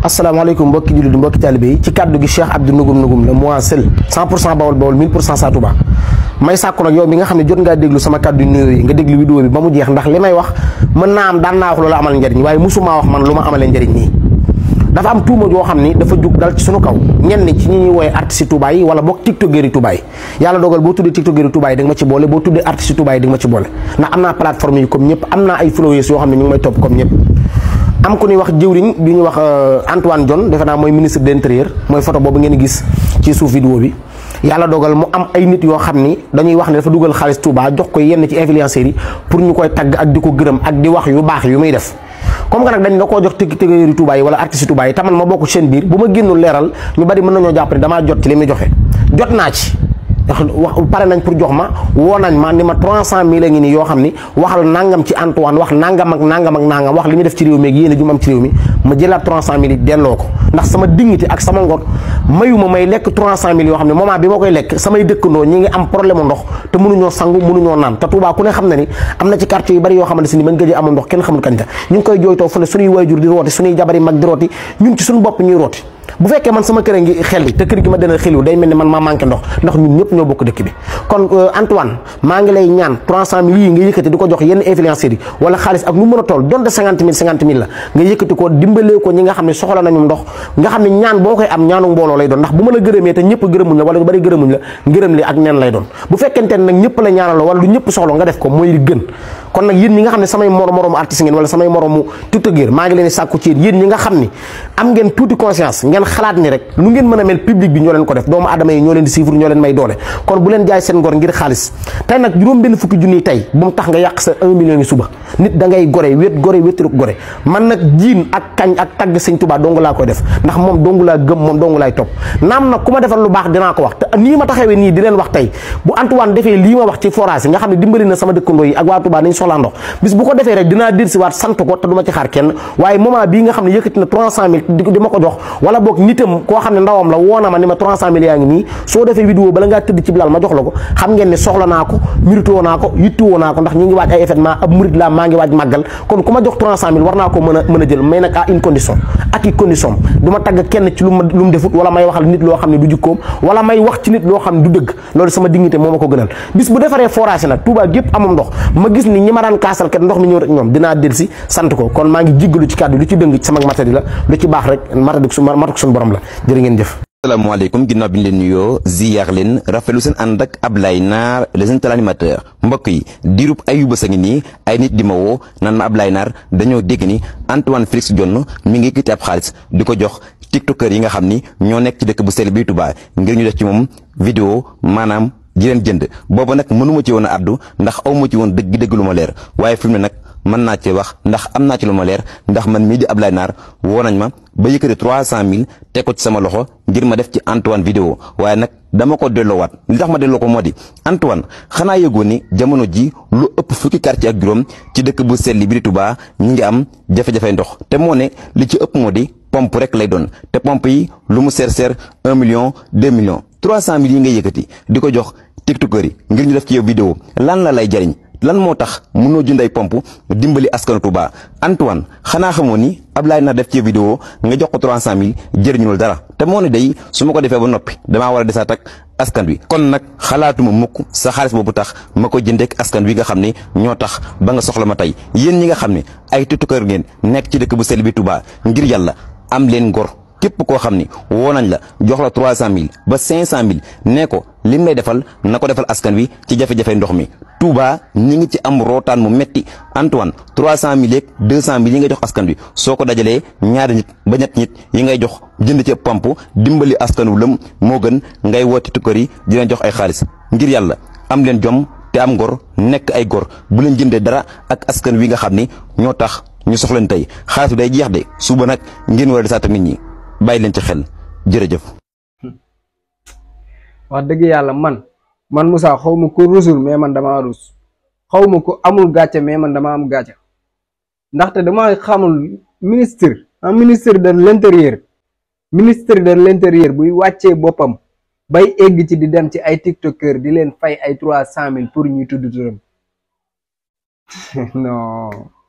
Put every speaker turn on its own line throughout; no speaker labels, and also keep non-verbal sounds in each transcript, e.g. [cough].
Assalamualaikum mbokki jullit mbokki talibé ci kàddu gi Cheikh Abdou nugum nugum le moi 100% bawol bawol 1000% Sa may sakku nak yow mi nga xam jot nga déglu sama kàddu nuyu yi nga déglu vidéo bi ba jeex ndax limay wax man naa am daan naa wax lolu amal njariñ waye musuma wax man luma ma amalee njariñ nii dafa am tuuma jo xam dafa juk dal ci sunu kaw ñen ci ñi ñi woy artiste Touba yi wala bok tiktokeur geri Touba yi yalla dogal bo tuddi tiktokeur yi Touba yi dag ma ci bolé bo tuddi artiste Touba yi dag ma ci bolé na amna plateforme yi comme ñep amna ay followers yo xam ñu may top comme ñep am ko ñuy wax jëwriñ bi ñu wax euh, Antoine Diome defe naa mooy ministre de mooy photo boobu ngeen gis ci suuf vidéo bi yàlla dogal mu am ay nit yoo xam ni dañuy wax ne dafa dugal xaalis Touba jox ko yenn ci influenceurs yi pour ñu koy tagg ak di ko gërëm ak di wax yu baax yu muy def comme que dañ la koo jox tëgg tëgg Touba yi wala artiste Touba yi taman ma bokk seen biir bu ma génnul leeral ñu bari mën nañoo jàpp ne damaa jot ci li muy joxe jot naa ci. ndax wax pare nañ pour jox ma woo nañ ma ni ma 300000 a ngi nii yoo xam ni waxal nangam ci Antoine wax nangam ak nangam ak nangam wax li ñu def ci réew mi ak yéen a am ci réew mi ma jëlaat 300000 yi delloo ko ndax sama dignité ak bi ma koy lekk samay dëkkandoo ñi ngi am problème ndox te mënuñoo sangu mënuñoo naan te Touba ku ne xam na ni am na ci quartier yu bari yoo xamante si ni bañ gëj amul ndox kenn xamul kañ la ñu ngi koy jooytoo fu ne suñuy waajur di rooti suñuy jabar yi mag di rooti ñun ci suñu bopp ñuy bu fekke man sama kër a ngi xel te kër gi ma dana xelu day melni man ma manqué ndox ndax ñun ñëpp ño bokk dëkk bi kon euh, Antoine ma ngi lay ñaan 300000 yi nga yëkëti di jox yeen influenceur yi wala xaaliss ak nu mëna toll don de 50000 50000 la nga yëkëti ko dimbalé ko ñi nga xamni soxla nañu ndox nga xamni ñaan bokay am ñaanu mbolo lay doon ndax bu ma la gërëmee te ñëpp gërëmuñ la wala ñu bari gërëmuñ la ngërëm li ak neen lay doon bu fekkente nak ñëpp la ñaanal wala lu ñëpp soxla nga def ko mooy gën kon nag yéen ñi nga xam ne samay moro moromu artiste ngeen wala samay moromu tiktokeur maa ngi leen sàkku ci yéen ñi nga xam ni am ngeen tuuti conscience ngeen xalaat ni rek lu ngeen mën a mel public bi ñoo leen ko def doomu adama yi ñoo leen di siifur ñoo leen may doole kon bu leen jaay seen ngor ngir xaalis tey nag juróom benn fukki junni tey bu mu tax nga yàq sa 1 million yi suba nit da gore wét gore wétru gore man nag jiin ak kañ laa def ndax moom dongu laa gëm moom dongu laay topp naam nag ku ma ndox bis bu ko defé rek dina dir ci wat sant ko te duma ci xaar kenn waye moment bi nga xam yëkëti na 300000 mille di ko jox wala bok nitam ko xam ndawam la wona ma ni ma 300000 yaangi ni so defé soo vidéo bala nga tëdd ci bilal ma jox lako xam ngeen ne soxla nako mirito wonako yittu wonako ndax ñi ngi waaj ay événement ab mourid la ma ngi waaj magal kon kuma jox 300000 warna war naa ko mën a jël mais nak a une condition ak i condition duma tag kenn ci lu lu defut wala may waxal nit lo xam du jikko wala may wax ci nit lo xam du deug lolu sama dignité moo ko gënal bis bu defaree forage nak touba gep amum ndox ma gis ni ñi ma daan kaasal kat ndox mi ñëw rek dina del ci sant ko kon ma ngi jiglu ci kàddu lu ci ci sama matadi la lu
ci bax rek matadi su matuk sun borom la jërë ngeen jëf assalamu alaykum bi ñu leen nuyo ziyaar leen rafelu sen andak ablay nar les le mbokk yi diirub ay bés ngi ay nit di ma woo naan ma ablay nar dañoo deg ni Antoine Félix jonn mi ngi yëkkati ab xaalis di jox tiktoker yi nga xamni ño nek ci dekk bu sel bi tuba ngir ñu def ci mom video manam di jënd booba nag mënuma ci woon a addu ndax aw ci woon dëgg-dëgg lu ma leer waaye fi mu ne nag mën naa ci wax ndax am naa ci lu ma leer ndax man mii di Ablaye Naar woo nañ ma ba yëkkati trois cent mille teg ko ci sama loxo ngir ma def ci Antoine vidéo waaye nag dama ko delloowaat li tax ma delloo ko moo di Antoine xanaa yëgoon ni jamono ji lu ëpp fukki quartier ak juróom ci dëkk bu sell bi di Touba ñi ngi am jafe-jafe ndox te moo ne li ci ëpp moo di pompe rek lay doon te pomp yi lu mu seer seer un million deux millions trois cent mille yi nga yëkkati di ko jox tiktokeur yi ngir ñu def ci yow vidéo lan la lay jariñ lan moo tax mënoo jënd ay pompe dimbali askanu Touba Antoine xanaa xamoo ni ab Ablaye na def ci vidéo nga jox ko cent 300000 jëriñul dara te moo ne day su ma ko defee ba noppi damaa war a desaat ak askan wi kon nag xalaatuma mukk sa xaalis boobu tax ma ko jëndeek askan wi nga xam ne ñoo tax ba nga soxla ma tey yéen ñi nga xam ne ay tutukër ngeen nekk ci dëkk bu sell bi tubaa ngir yàlla am leen ngor kep ko xamni ni la jox la 300000 ba 500000 ne ko lim lay defal nako defal askan wi ci jafé jafé ndox mi Touba ñi ngi ci am mu metti Antoine 300000 ak 200000 yeeg yi ngay jox askan wi soko dajalé dajalee ñaari nit ba ñet nit yi ngay jox jënd ci pamp dimbali askan wu lëm moo gën ngay woti tukkar yi len jox ay xaaliss ngir yalla am len jom te am gor nek ay gor bu len dara ak askan wi nga xamni ño tax ñu soxlan tay xaaliss day jeex de suba nak ngeen wara sa tamit bàyyi leen ci xel jërëjëf.
wax dëgg yàlla man man Moussa xaw ma ko rusul mais man damaa rus xawma ma ko amul gàcce mais man damaa am gàcce ndaxte dama xamul ministre un ministre de l'intérieur ministre de l'intérieur buy wàccee boppam bay egg ci di dem ci ay tiktokeur di leen fay ay trois cent mille pour ñuy tudd turam [laughs]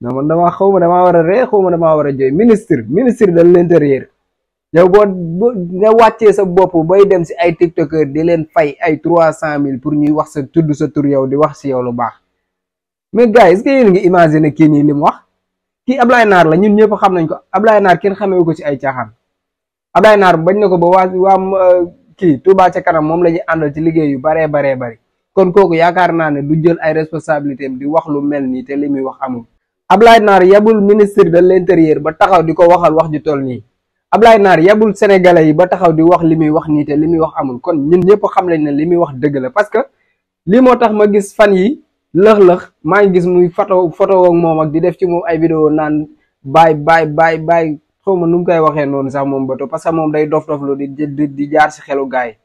non damaa xaw ma damaa war a ree xaw ma damaa war a minister ministre ministre de l'intérieur yow bo nga wacce sa bopp bay dem ci ay tiktoker di len fay ay 300000 pour ñuy wax sa tuddu sa tur yow di wax ci yow lu baax mais gars est-ce que ngi imaginer ki ni lim wax eh, ki ablay nar la ñun ñepp xam nañ ko nar Naar xamé wu ko ci ay tiaxam ablay nar bañ na ko ba wa waa ki Touba ci kanam mom la andal ci liggéey yu bare bare bare kon koku yaakar na ne du jël ay responsabilité di wax lu mel nii te li wax amul. Ablaye nar yabul ministre de l'intérieur ba taxaw di ko waxal wax ju toll ni Ablaye nar yabul sénégalais yi ba taxaw di wax limi wax ni té limi wax amul kon ñun ñëpp xam lañ né limi wax dëgg la parce que li motax ma gis fan yi leux leux ma ngi gis muy photo photo ak mom ak di def ci mom ay vidéo nan bye bye. bye bye xawma num nu koy sax mom bato parce que mom day dof dof lo di di jaar ci xélu gaay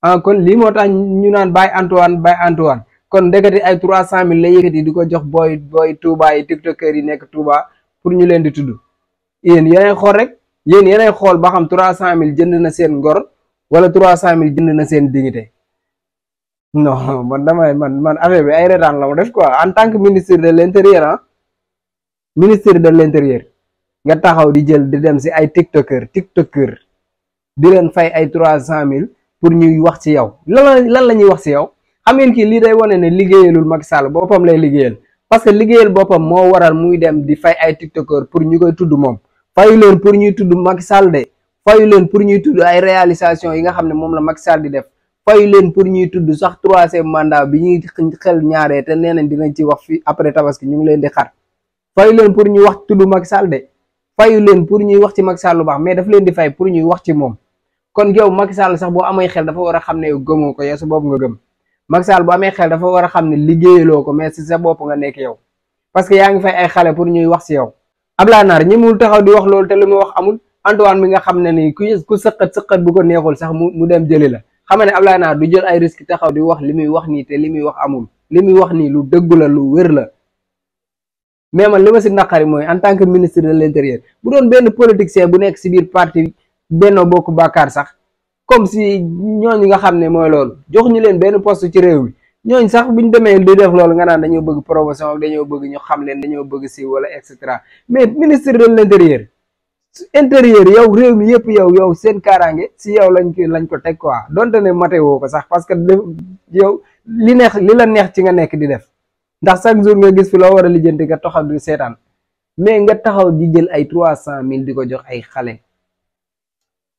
ah kon li motax ñu nan bye Antoine bye Antoine kon ndekati ay trois cent mille la yëkkati di ko jox booy booy Touba yi tiktokeur yi nekk Touba pour ñu leen di tudd yéen yeneen xool rek yéen yeneen xool ba xam trois cent mille jënd na seen ngor wala trois cent mille jënd na seen dignité non man damay man man affaire bi ay retaan la mu def quoi en tant que ministre de l' intérieur ah, ministre de l' intérieur nga taxaw di jël di dem si ay tiktokeur tiktokeur di leen fay ay trois cent mille pour ñuy wax ci yow lan lan la ñuy wax ci yow. xam ngeen kii lii day wane ne liggéeyalul mag Sall boppam lay liggéeyal parce que liggéeyal boppam moo waral muy dem di fay ay tiktokeur pour ñu koy tudd moom fayu leen pour ñuy tudd mag Sall de fayu leen pour ñuy tudd ay réalisation yi nga xam ne moom la Macky Sall di def fayu leen ñuy tudd sax troisième mandat bi ñuy xel ñaaree te nee nañ dinañ ci wax fi après tabaski ñu ngi leen di xar fayu leen pour wax tudd Macky Sall de fayu leen pour ñuy wax ci mag Sall lu baax mais daf leen di fay pour ñuy wax ci moom kon yow Macky Sall sax boo amay xel dafa war a xam ne gëmoo ko yow sa bopp nga gëm Macky Sall bu amé xel dafa war a liggéey loko mais ci sa bop nga nek yow parce que yaa ngi fay ay xalé pour ñuy wax ci yow abla Nar ñemul taxaw di wax lool té lu mu wax amul Antoine mi nga xamné ni ku ku sekkat sekkat bu ko neexul sax mu dem jëlé la xamné abla Nar du jël ay risque taxaw di wax li wax ni té li wax amul li wax ni lu dëggu la lu wër la mais man lima ci nakari moy en tant que ministre de l'intérieur bu doon ben politicien bu nek ci biir parti Benno bokku bakar sax comme si ñooñu nga xam ne mooy loolu jox ñu leen benn poste ci réew mi ñooñ sax bu ñu demee di def loolu nga naan dañoo bëgg promotion ak dañoo bëgg ñu xam leen dañoo bëgg si wala et cetera mais ministre de l' intérieur intérieur yow réew mi yëpp yow yow seen kaaraange si yow lañ ko lañ ko teg quoi donte ne matewoo ko sax parce que yow li neex li la neex ci nga nekk di def ndax chaque jour nga gis fi loo war a lijjanti nga taxaw di seetaan mais nga taxaw di jël ay trois cent mille di ko jox ay xale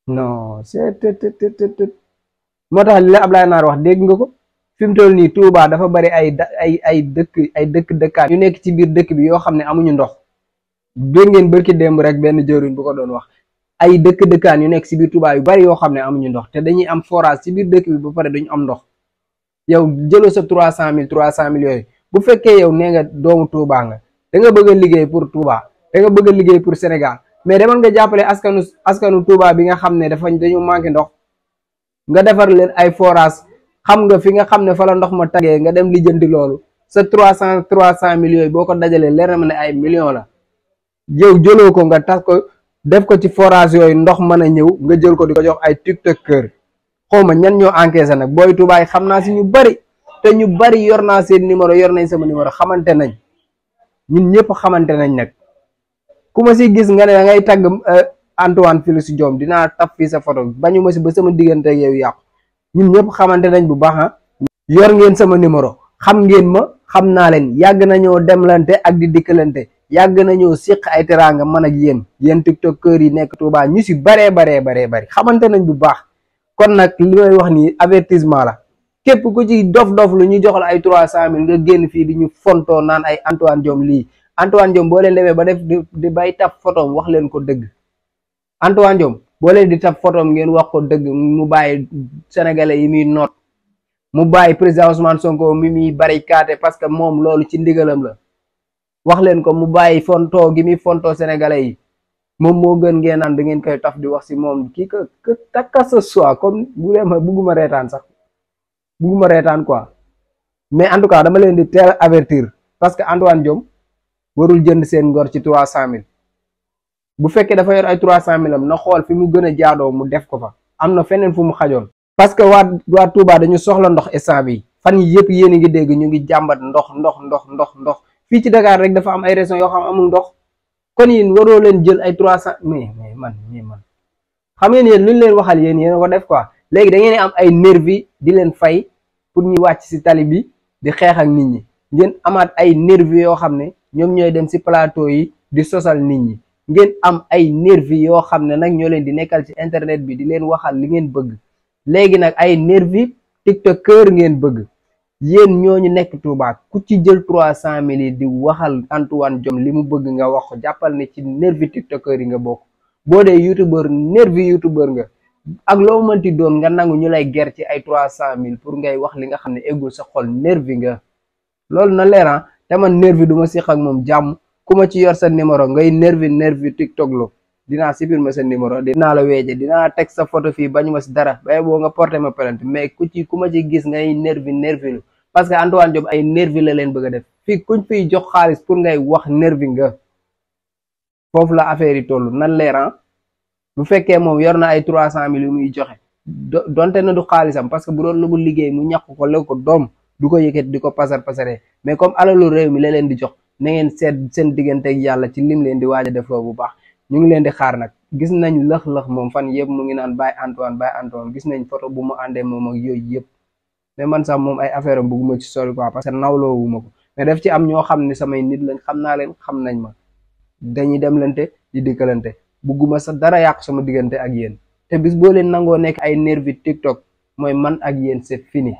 Hmm. non c'est moo tax li la Ablaye Naar wax dégg nga ko fi mu toll nii Touba dafa bari ay ay ay dëkk ay dëkk dëkkaan yu nekk ci biir dëkk bi yoo xam ne amuñu ndox dégg ngeen bërki démb rek benn jëriñ bu ko doon wax ay dëkk dëkkaan yu nekk ci biir Touba yu bari yoo xam ne amuñu ndox te dañuy am forage ci biir dëkk bi ba pare dañu am ndox yow jëloo sa trois cent mille trois cent mille yooyu bu fekkee yow nee doomu tuubaa nga da nga bëgg liggéey pour Touba da nga bëgg liggéey pour Sénégal mais demal nga jàppale askanu askanu Touba bi nga xam ne dafa dañu manqué ndox nga defar leen ay forage xam nga fi nga xam ne fa la ndox ma tagee nga dem lijjanti loolu sa trois cent trois cent millions boo ko dajalee leer na ma ne ay million la yow jëloo ko nga tas ko def ko ci forage yooyu ndox mën a ñëw nga jël ko di ko jox ay tiktokeur xaw ma ñan ñoo encaissé nag booy Touba xam naa si ñu bari te ñu bari yor naa seen numéro yor nañ sama numéro xamante nañ ñun ñëpp xamante nañ nag ku ma si gis nga ne da ngay tagg eh, Antoine si Diome dinaa taf fii sa ba ñu ma si ba sama diggante ak yow yàqu ñun ñëpp xamante nañ bu baax ah yor ngeen sama numéro xam ngeen ma xam naa leen yàgg nañoo demlante ak di dikkalante yàgg nañoo siq ay teraanga man ak yéen yéen kër yi nekk Touba ñu si baree baree baree bari xamante nañ bu baax kon nag li may wax nii avertissement la képp ku ci dof dof lu ñu jox la ay trois cent mille nga génn fii di ñu fontoo naan ay Antoine Diome lii Antoine diom bo len demee ba def di bay tap photo wax len ko deug Antoine diom bo len di tap photo ngeen wax ko deug mu baye sénégalais yi mi note mu baye président Ousmane Sonko mi mi barricade parce que mom lolu ci ndigalam la wax len ko mu baye fonto gi mi fonto sénégalais yi mom mo gën ngeen nan da ngeen koy taf di wax ci mom ki que takka ce soit comme bu dee ma bugguma reetaan sax buguma reetaan quoi mais en tout cas dama len di tel avertir parce que Antoine diom warul jënd seen ngor ci trois cent mille bu fekkee dafa yor ay trois cent mille am na xool fi mu gën a jaadoo mu def ko fa am na feneen fu mu xajoon parce que waa waa Touba dañu soxla ndox instant bi fan yi yëpp yéen a ngi dégg ñu ngi jàmbat ndox ndox ndox ndox ndox fii ci Dakar rek dafa am ay régions yoo xam amul ndox kon yéen waroo leen jël ay cent mais mais ngeen yéen lu leen waxal yéen yéen ko def quoi léegi da ngeen am ay nervi di leen fay pour ñu wàcc si tali bi di xeex ak nit ñi ngeen amaat ay nervi yoo xam ne ñoom ñooy dem si plateau yi di sosal nit ñi ngeen am ay nervi yoo xam ne nag ñoo leen di nekkal ci internet bi di leen waxal li ngeen bëgg léegi nag ay nervi tiktokeur ngeen bëgg yéen ñu nekk Touba ku ci jël trois cent mille yi di waxal Antoine jom li mu bëgg nga wax jàppal ne ci nervi tiktokeur yi nga bokk boo dee youtubeur nervi youtubeur nga ak loo mënti doon nga nangu ñu lay ger ci ay trois cent mille pour ngay wax li nga xam ne eggul sa xol nervi nga loolu te man nervi du ma siq ak moom jàmm ku ma ci yor sa numéro ngay nervi nervi tiktok lu dinaa ma sa numéro dinaa la weeje dinaa teg sa photo fii bañu ma si dara bay boo nga porté ma plainte mais ku ci ku ma ci gis ngay nervi nervi lu parce que Antoine Diop ay nervi la leen bëgg def fii kuñ fiy jox xaalis pour ngay wax nervi nga foofu la affaire yi toll nan leeran ah? bu fekke moom yor na ay trois cent mille yu muy joxe donte na du xaalisam parce que bu doon lu mu liggéey mu ñàkk ko lekk ko doom duko yeket diko pasar pasar pasare mais comme alalu rew mi leen di jox na ngeen set sen diggante ak yàlla ci lim leen di waja a defloo bu baax ñu ngi leen di xaar nak gis nañ lekh lekh moom fan yeb mu ngi naan bay Antoine bay Antoine gis nañ photo bu mu ande moom ak yoy yeb mais man sax mom ay affaire am guma ci sori quoi parce que nawlo wu mako mais daf ci am ño xamni samay nit lañ xamna leen xam ma dañuy demlante di bu guma sa dara yàq sama diggante ak yeen te bis bo leen nango nek ay nervi tiktok moy man ak yeen c'est fini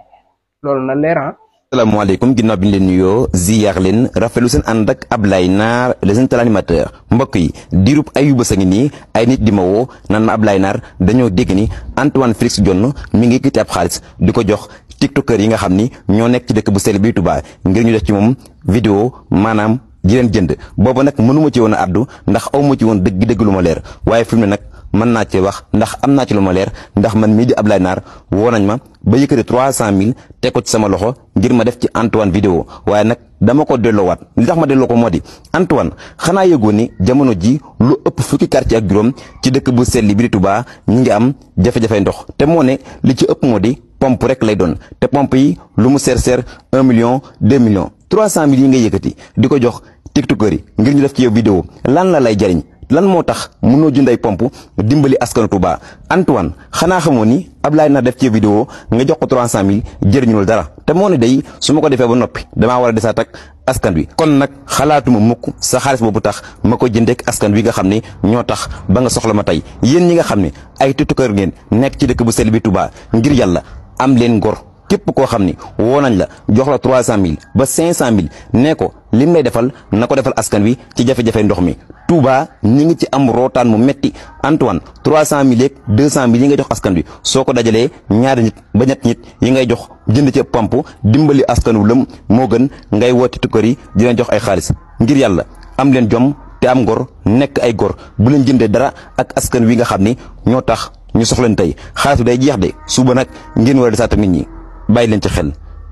loolu na leer ah.
asalaamaaleykum ginnaaw bi ñu leen nuyoo ziyaar leen rafetlu seen ànd ak Ablaye Naar le seen animateur mbokk yi di ayu bés a ngi nii ay nit di ma woo naan ma Ablaye Naar dañoo dégg ni Antoine Félix jonn mi ngi yëkkati ab xaalis di ko jox tiktokeur yi nga xam ni ñoo nekk ci dëkk bu sell bi Touba ngir ñu def ci moom vidéo maanaam ji leen jënd boobu nag mënuma ci woon addu ndax aw ci woon dëgg-dëgg lu ma leer waaye fi mu ne nag. mën naa cee wax ndax am naa ci lu ma leer ndax man mii di Ablaye Naar woo nañ ma ba yëkkati trois cent mille teg ko ci sama loxo ngir ma def ci Antoine vidéo waaye nag dama ko delloowaat li tax ma delloo ko moo di Antoine xanaa yëgoon ni jamono ji lu ëpp fukki ci ak juróom ci dëkk bu sell bi di Touba ñi ngi am jafe-jafe ndox te moo ne li ci ëpp moo di pompe rek lay doon te pomp yi lu mu seer seer un million deux millions trois cent mille yi nga yëkkati di ko jox tiktokeur yi ngir ñu def ci yow vidéo lan la lay jariñ lan moo tax mënoo jënd ay pompe dimbali askanu Touba Antoine xanaa xamoo ni ab Ablaye na def ci vidéo nga jox ko 300000 jëriñul dara te moo ne day su ma ko defee ba noppi damaa war a desaat ak askan wi kon nag xalaatuma mukk sa xaalis boobu tax ma ko jëndeek askan wi nga xam ne ñoo tax ba nga soxla ma tey yéen ñi nga xam ne ay tutukër ngeen nekk ci dëkk bu sell bi tubaa ngir yàlla am leen ngor kep ko xamni ni nañ la jox la 300000 ba 500000 ne ko lim lay defal nako defal askan wi ci jafé jafé ndox mi Touba ñi ngi ci am mu metti Antoine 300000 ak 200000 yi nga jox askan wi soko dajalé dajalee ñaari nit ba ñet nit yi ngay jox jënd ci pompe dimbali askan wu lëm moo gën ngay woti tukkar yi len jox ay xaaliss ngir yalla am len jom te am gor nek ay gor bu len jëndee dara ak askan wi nga xamni ño tax ñu soxlan tay xaaliss day jeex de suba nak ngeen wara sa tamit bàyyi leen ci xel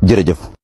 jërëjëf